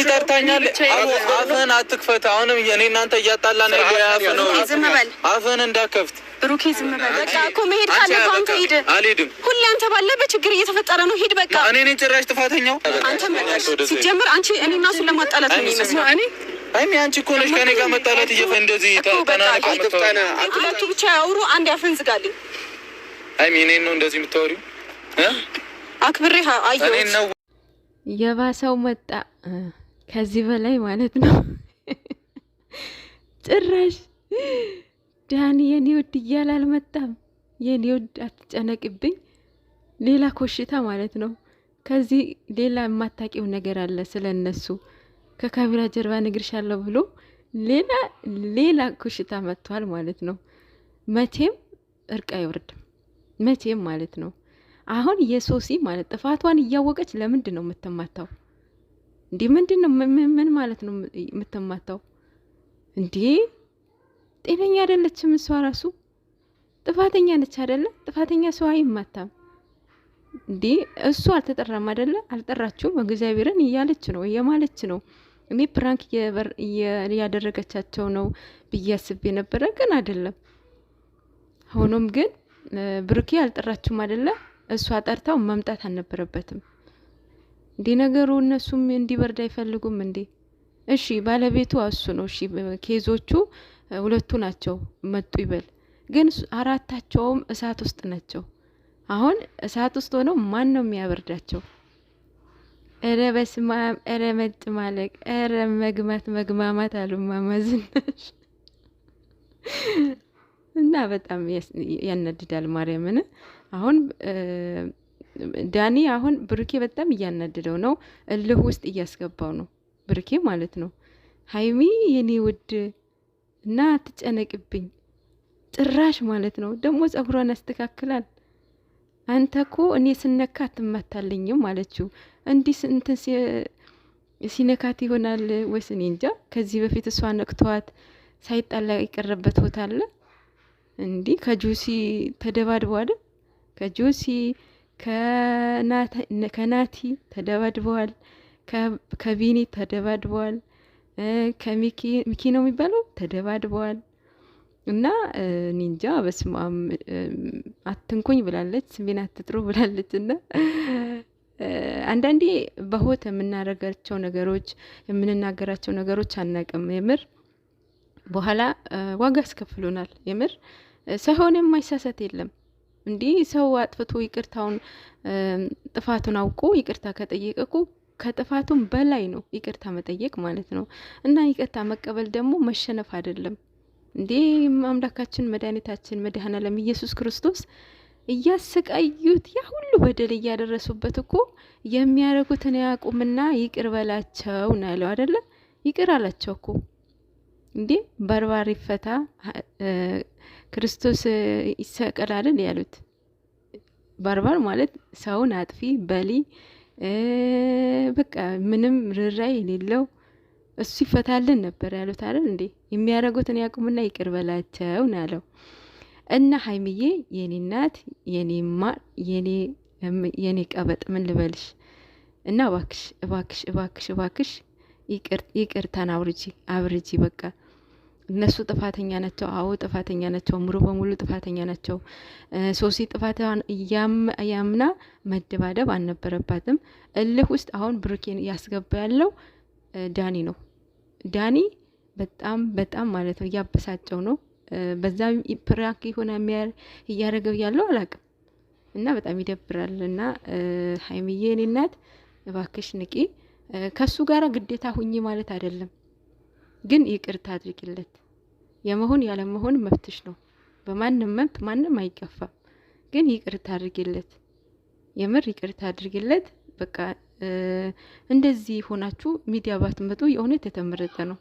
ይጠርታኛል። አፍህን አትክፈት። አሁንም እኔ እናንተ እያጣላ ነው። አፍህ ነው። አፍህን እንዳከፍት ሩኬ ዝም በል በቃ እኮ መሄድ ካለብህ አንተ ሂድ። አልሄድም። ሁሌ አንተ ባለበት ችግር እየተፈጠረ ነው። ሂድ በቃ። እኔ እኔ ጭራሽ ጥፋተኛው አንተ ሲጀምር አንቺ እኔ እና እሱን ለማጣላት ነው የሚመስለው እኔ አይሚ አንቺ እኮ ነሽ ከኔ ጋር መጣላት እየፈ እንደዚህ ተናናቀ ሁለቱ ብቻ ያውሩ፣ አንድ ያፍን ዝጋልኝ። አይሚ እኔን ነው እንደዚህ የምታወሪው? አክብሬ አየሁት። የባሰው መጣ። ከዚህ በላይ ማለት ነው። ጭራሽ ዳኒ የኔ ውድ እያለ አልመጣም። የኔ ውድ አትጨነቅብኝ፣ ሌላ ኮሽታ ማለት ነው። ከዚህ ሌላ የማታቂው ነገር አለ ስለ እነሱ ከካሜራ ጀርባ ነግርሻለሁ ብሎ ሌላ ሌላ ኮሽታ መጥቷል ማለት ነው። መቼም እርቅ አይወርድም፣ መቼም ማለት ነው። አሁን የሶሲ ማለት ጥፋቷን እያወቀች ለምንድን ነው የምትማታው? እንዴ ምንድን ነው? ምን ማለት ነው የምትማታው? እንዴ ጤነኛ አይደለችም እሷ ራሱ ጥፋተኛ ነች አይደለ? ጥፋተኛ ሰው አይማታም እንዴ? እሱ አልተጠራም አይደለ? አልጠራችሁም እግዚአብሔርን እያለች ነው እየማለች ነው። እኔ ፕራንክ እያደረገቻቸው ነው ብዬ አስቤ ነበረ፣ ግን አይደለም። ሆኖም ግን ብሩኬ አልጠራችሁም አይደለ? እሷ ጠርታው መምጣት አልነበረበትም። እንዴ ነገሩ እነሱም እንዲበርድ አይፈልጉም እንዴ? እሺ ባለቤቱ እሱ ነው። እሺ ኬዞቹ ሁለቱ ናቸው መጡ ይበል፣ ግን አራታቸውም እሳት ውስጥ ናቸው። አሁን እሳት ውስጥ ሆነው ማን ነው የሚያበርዳቸው? እረ በስመ አብ! እረ መጥ ማለቅ! እረ መግማት መግማማት አሉ እማማ እና በጣም ያናድዳል። ማርያምን አሁን ዳኒ አሁን ብሩኬ በጣም እያናደደው ነው፣ እልህ ውስጥ እያስገባው ነው ብሩኬ ማለት ነው። ሀይሚ የኔ ውድ እና አትጨነቅብኝ ጭራሽ ማለት ነው። ደግሞ ጸጉሯን ያስተካክላል። አንተ ኮ እኔ ስነካ ትመታለኝም ማለችው። እንዲህ እንትን ሲነካት ይሆናል ወይስ እኔ እንጃ። ከዚህ በፊት እሷ ነቅተዋት ሳይጣላ የቀረበት ቦታ አለ። እንዲህ ከጁሲ ተደባድበዋል ከጁሲ ከናቲ ተደባድበዋል፣ ከቪኒ ተደባድበዋል፣ ከሚኪ ነው የሚባለው ተደባድበዋል። እና ኒንጃ በስማም አትንኩኝ ብላለች፣ ስሜን አትጥሩ ብላለች። እና አንዳንዴ በሆት የምናደርጋቸው ነገሮች የምንናገራቸው ነገሮች አናቅም የምር በኋላ ዋጋ አስከፍሎናል የምር ሰሆን የማይሳሳት የለም። እንዲህ ሰው አጥፍቶ ይቅርታውን ጥፋቱን አውቆ ይቅርታ ከጠየቀ እኮ ከጥፋቱም በላይ ነው ይቅርታ መጠየቅ ማለት ነው። እና ይቅርታ መቀበል ደግሞ መሸነፍ አይደለም እንዲህ አምላካችን መድኃኒታችን መድኃኔዓለም ኢየሱስ ክርስቶስ እያሰቃዩት ያ ሁሉ በደል እያደረሱበት እኮ የሚያደርጉትን ያቁምና ይቅር በላቸው ነው ያለው አይደለም። ይቅር አላቸው እኮ እንዴ በርባር ይፈታ ክርስቶስ ይሰቀላልን ያሉት ባርባር ማለት ሰውን አጥፊ በሊ በቃ ምንም ርራይ የሌለው እሱ ይፈታልን ነበር ያሉት አይደል እንዴ የሚያደርጉትን ያቁምና ይቅር በላቸው ነው ያለው እና ሀይሚዬ የኔ እናት የኔ ማ የኔ ቀበጥ ምን ልበልሽ እና እባክሽ እባክሽ እባክሽ እባክሽ ይቅርታን አብርጂ አብርጂ በቃ እነሱ ጥፋተኛ ናቸው። አዎ ጥፋተኛ ናቸው። ሙሉ በሙሉ ጥፋተኛ ናቸው። ሶሲ ጥፋቷን ያምና መደባደብ አልነበረባትም። እልህ ውስጥ አሁን ብሩኬን እያስገባ ያለው ዳኒ ነው። ዳኒ በጣም በጣም ማለት ነው እያበሳጨው ነው። በዛ ፕራክ የሆነ እያደረገው ያለው አላቅም እና በጣም ይደብራል። እና ሀይሚዬ እናት እባክሽ ንቂ። ከሱ ጋር ግዴታ ሁኚ ማለት አይደለም ግን ይቅርታ አድርጊለት። የመሆን ያለመሆን መብትሽ ነው። በማንም መብት ማንም አይገፋም። ግን ይቅርታ አድርጌለት፣ የምር ይቅርታ አድርጌለት። በቃ እንደዚህ ሆናችሁ ሚዲያ ባትመጡ የእውነት የተመረጠ ነው።